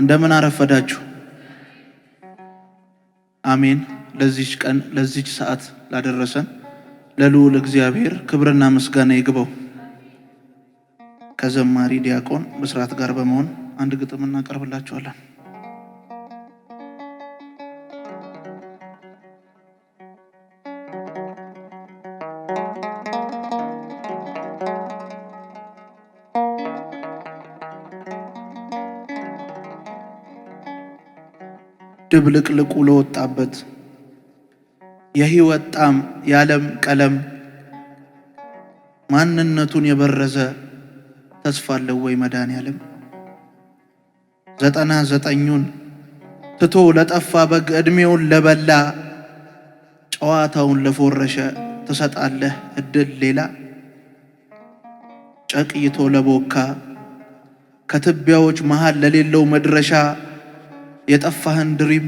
እንደምን አረፈዳችሁ። አሜን። ለዚች ቀን ለዚች ሰዓት ላደረሰን ለልዑል እግዚአብሔር ክብርና ምስጋና ይግባው። ከዘማሪ ዲያቆን ብስራት ጋር በመሆን አንድ ግጥም እናቀርብላችኋለን። ድብልቅልቁ ለወጣበት የሕይወት ጣዕም የዓለም ቀለም ማንነቱን የበረዘ ተስፋ አለው ወይ መዳን ያለም ዘጠና ዘጠኙን ትቶ ለጠፋ በግ ዕድሜውን ለበላ ጨዋታውን ለፎረሸ ትሰጣለህ እድል ሌላ ጨቅይቶ ለቦካ ከትቢያዎች መሃል ለሌለው መድረሻ የጠፋህን ድሪም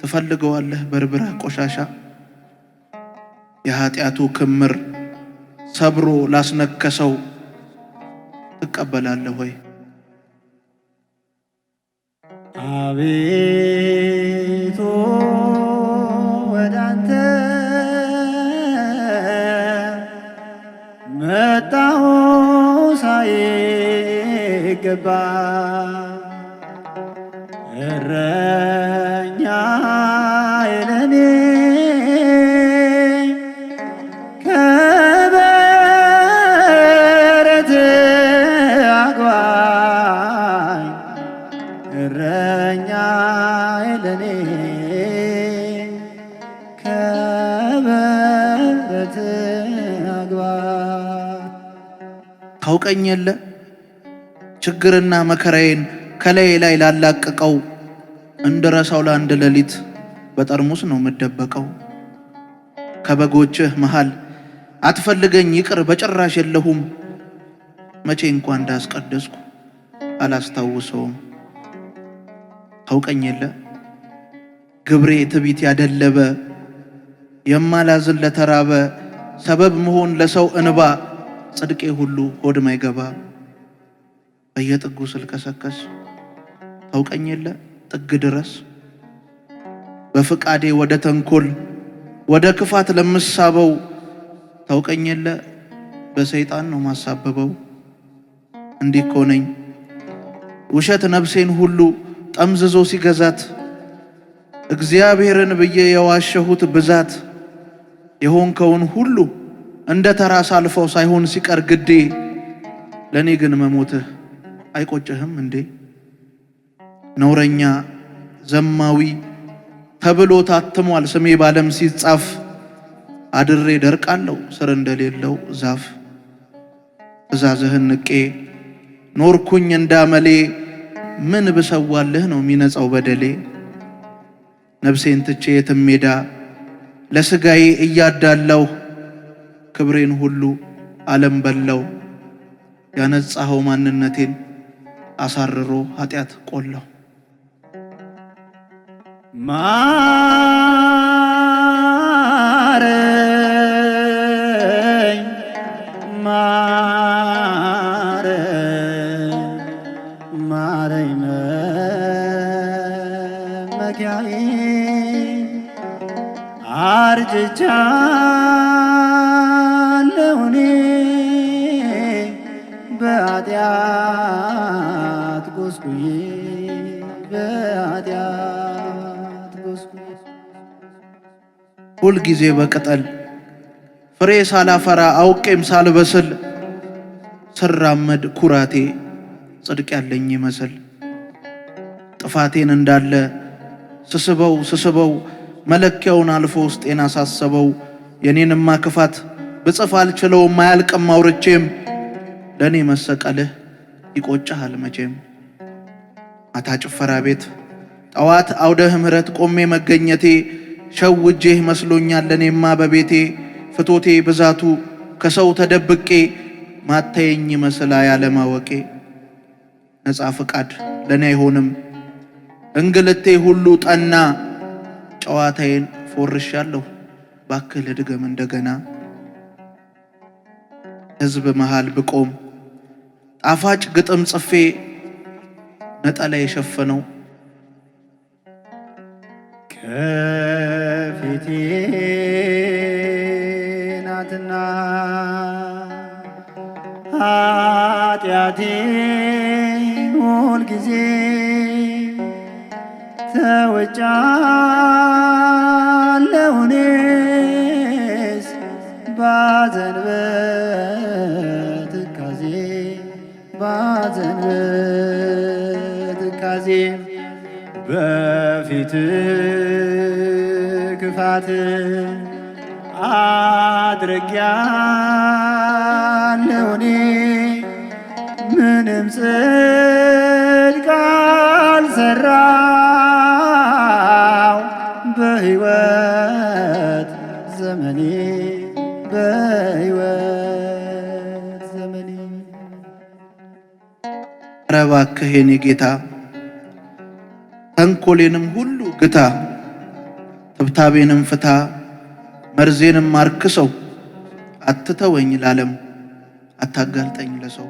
ትፈልገዋለህ በርብረህ ቆሻሻ የኀጢአቱ ክምር ሰብሮ ላስነከሰው ትቀበላለህ ወይ? አቤቱ ወዳንተ መጣሁ ሳይገባ ታውቀኝ የለ ችግርና መከራዬን ከላይ ላይ ላላቀቀው እንድረሳው ለአንድ ሌሊት በጠርሙስ ነው የምደበቀው። ከበጎችህ መሃል አትፈልገኝ ይቅር በጭራሽ የለሁም። መቼ እንኳን እንዳስቀደስኩ አላስታውሰውም። ታውቀኝ የለ ግብሬ ትቢት ያደለበ የማላዝን ለተራበ ሰበብ መሆን ለሰው እንባ ጽድቄ ሁሉ ሆድ ማይገባ በየጥጉ ስልከሰከስ ታውቀኝ የለ ጥግ ድረስ በፍቃዴ ወደ ተንኮል ወደ ክፋት ለምሳበው ታውቀኝ የለ በሰይጣን ነው ማሳበበው። እንዲህ እኮ ውሸት ነፍሴን ሁሉ ጠምዝዞ ሲገዛት እግዚአብሔርን ብዬ የዋሸሁት ብዛት የሆንከውን ሁሉ እንደ ተራ ሳልፈው ሳይሆን ሲቀር ግዴ ለእኔ ግን መሞትህ አይቆጭህም እንዴ? ነውረኛ ዘማዊ ተብሎ ታትሟል ስሜ ባለም ሲጻፍ አድሬ ደርቃለሁ ስር እንደሌለው ዛፍ እዛዝህን ንቄ ኖርኩኝ እንዳመሌ ምን ብሰዋልህ ነው የሚነጻው በደሌ ነፍሴን ትቼ የትም ሜዳ ለሥጋዬ እያዳለው ክብሬን ሁሉ ዓለም በላው። ያነጻኸው ማንነቴን አሳርሮ ኃጢአት ቆላው። ማረኝ ማረኝ ማረኝ መመኪያዬ አርጅቻለሁ እኔ በኃጢአት ጎስቁዬ በኃጢአት ጎስቁዬ ሁልጊዜ በቅጠል ፍሬ ሳላፈራ አውቄም ሳልበስል ስራመድ ኩራቴ ጽድቅ ያለኝ ይመስል ጥፋቴን እንዳለ ስስበው ስስበው መለኪያውን አልፎ ውስጤን አሳሰበው። የኔንማ ክፋት ብጽፍ አልችለውም አያልቅም አውርቼም ለእኔ መሰቀልህ ይቆጨሃል መቼም። ማታ ጭፈራ ቤት ጠዋት አውደህ ምሕረት ቆሜ መገኘቴ ሸውጄህ መስሎኛል ለእኔማ በቤቴ ፍቶቴ ብዛቱ ከሰው ተደብቄ ማታየኝ መስላ ያለማወቄ ነፃ ፍቃድ ለእኔ አይሆንም እንግልቴ ሁሉ ጠና ጨዋታዬን ፎርሻለሁ፣ ባክህ ልድገም እንደገና። ሕዝብ መሃል ብቆም ጣፋጭ ግጥም ጽፌ ነጠላ የሸፈነው ከፊቴ ናትና ኃጢአቴ ሁልጊዜ ተውጫለሁ እኔስ ባዘን በትካዜ ባዘን በትካዜ በፊት ክፋት አድርጊያለሁ እኔ ምንም ጽድቅ አልሰራ እባክህ የኔ ጌታ ተንኮሌንም ሁሉ ግታ፣ ትብታቤንም ፍታ፣ መርዜንም አርክሰው፣ አትተወኝ ላለም፣ አታጋልጠኝ ለሰው።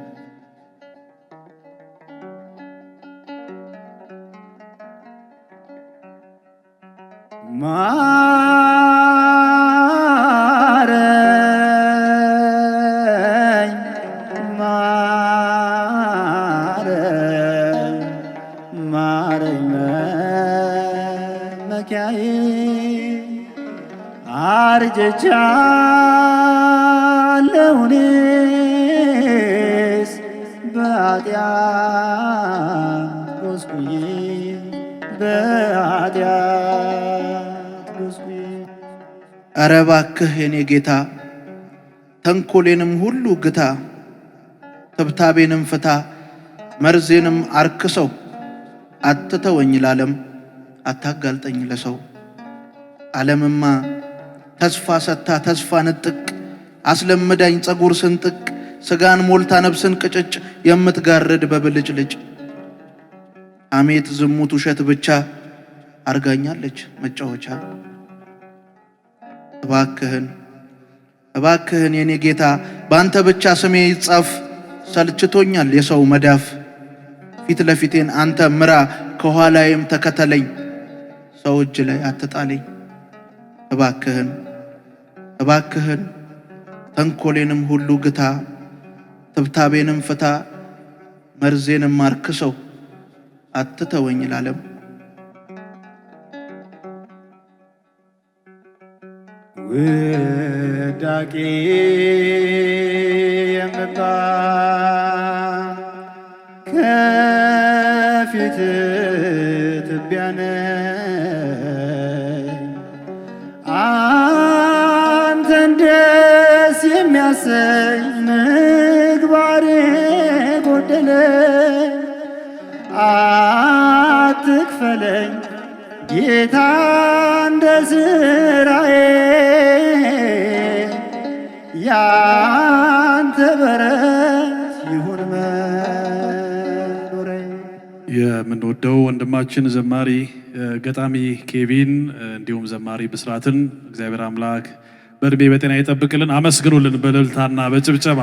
ማ መመኪያዬ አርጅቻለሁ እኔስ በኃጢአት ጎስቁዬ በኃጢአት ጎስቁዬ። ኧረ እባክህ የኔ ጌታ ተንኮሌንም ሁሉ ግታ፣ ትብታቤንም ፍታ፣ መርዜንም አርክሰው አትተወኝ ላለም አታጋልጠኝ ለሰው ዓለምማ ተስፋ ሰታ ተስፋ ንጥቅ አስለምዳኝ ጸጉር ስንጥቅ ስጋን ሞልታ ነብስን ቅጭጭ የምትጋርድ በብልጭ አሜት ዝሙት ውሸት ብቻ አርጋኛለች መጫወቻ። እባክህን እባክህን የኔ ጌታ በአንተ ብቻ ስሜ ይጻፍ፣ ሰልችቶኛል የሰው መዳፍ። ፊት ለፊቴን አንተ ምራ፣ ከኋላዬም ተከተለኝ ሰው እጅ ላይ አትጣለኝ። እባክህን እባክህን ተንኮሌንም ሁሉ ግታ፣ ትብታቤንም ፍታ፣ መርዜንም አርክሰው አትተወኝ ላለም ውዳቂ የምጣ ከፊት ትቢያነ የሚያሰኝ ምግባር ጎደለ አትክፈለኝ ጌታ እንደ ስራዬ ያንተ በረት ይሁን መኖሬ። የምንወደው ወንድማችን ዘማሪ ገጣሚ ኬቪን እንዲሁም ዘማሪ ብስራትን እግዚአብሔር አምላክ በእድሜ በጤና ይጠብቅልን። አመስግኑልን በልልታና በጭብጨባ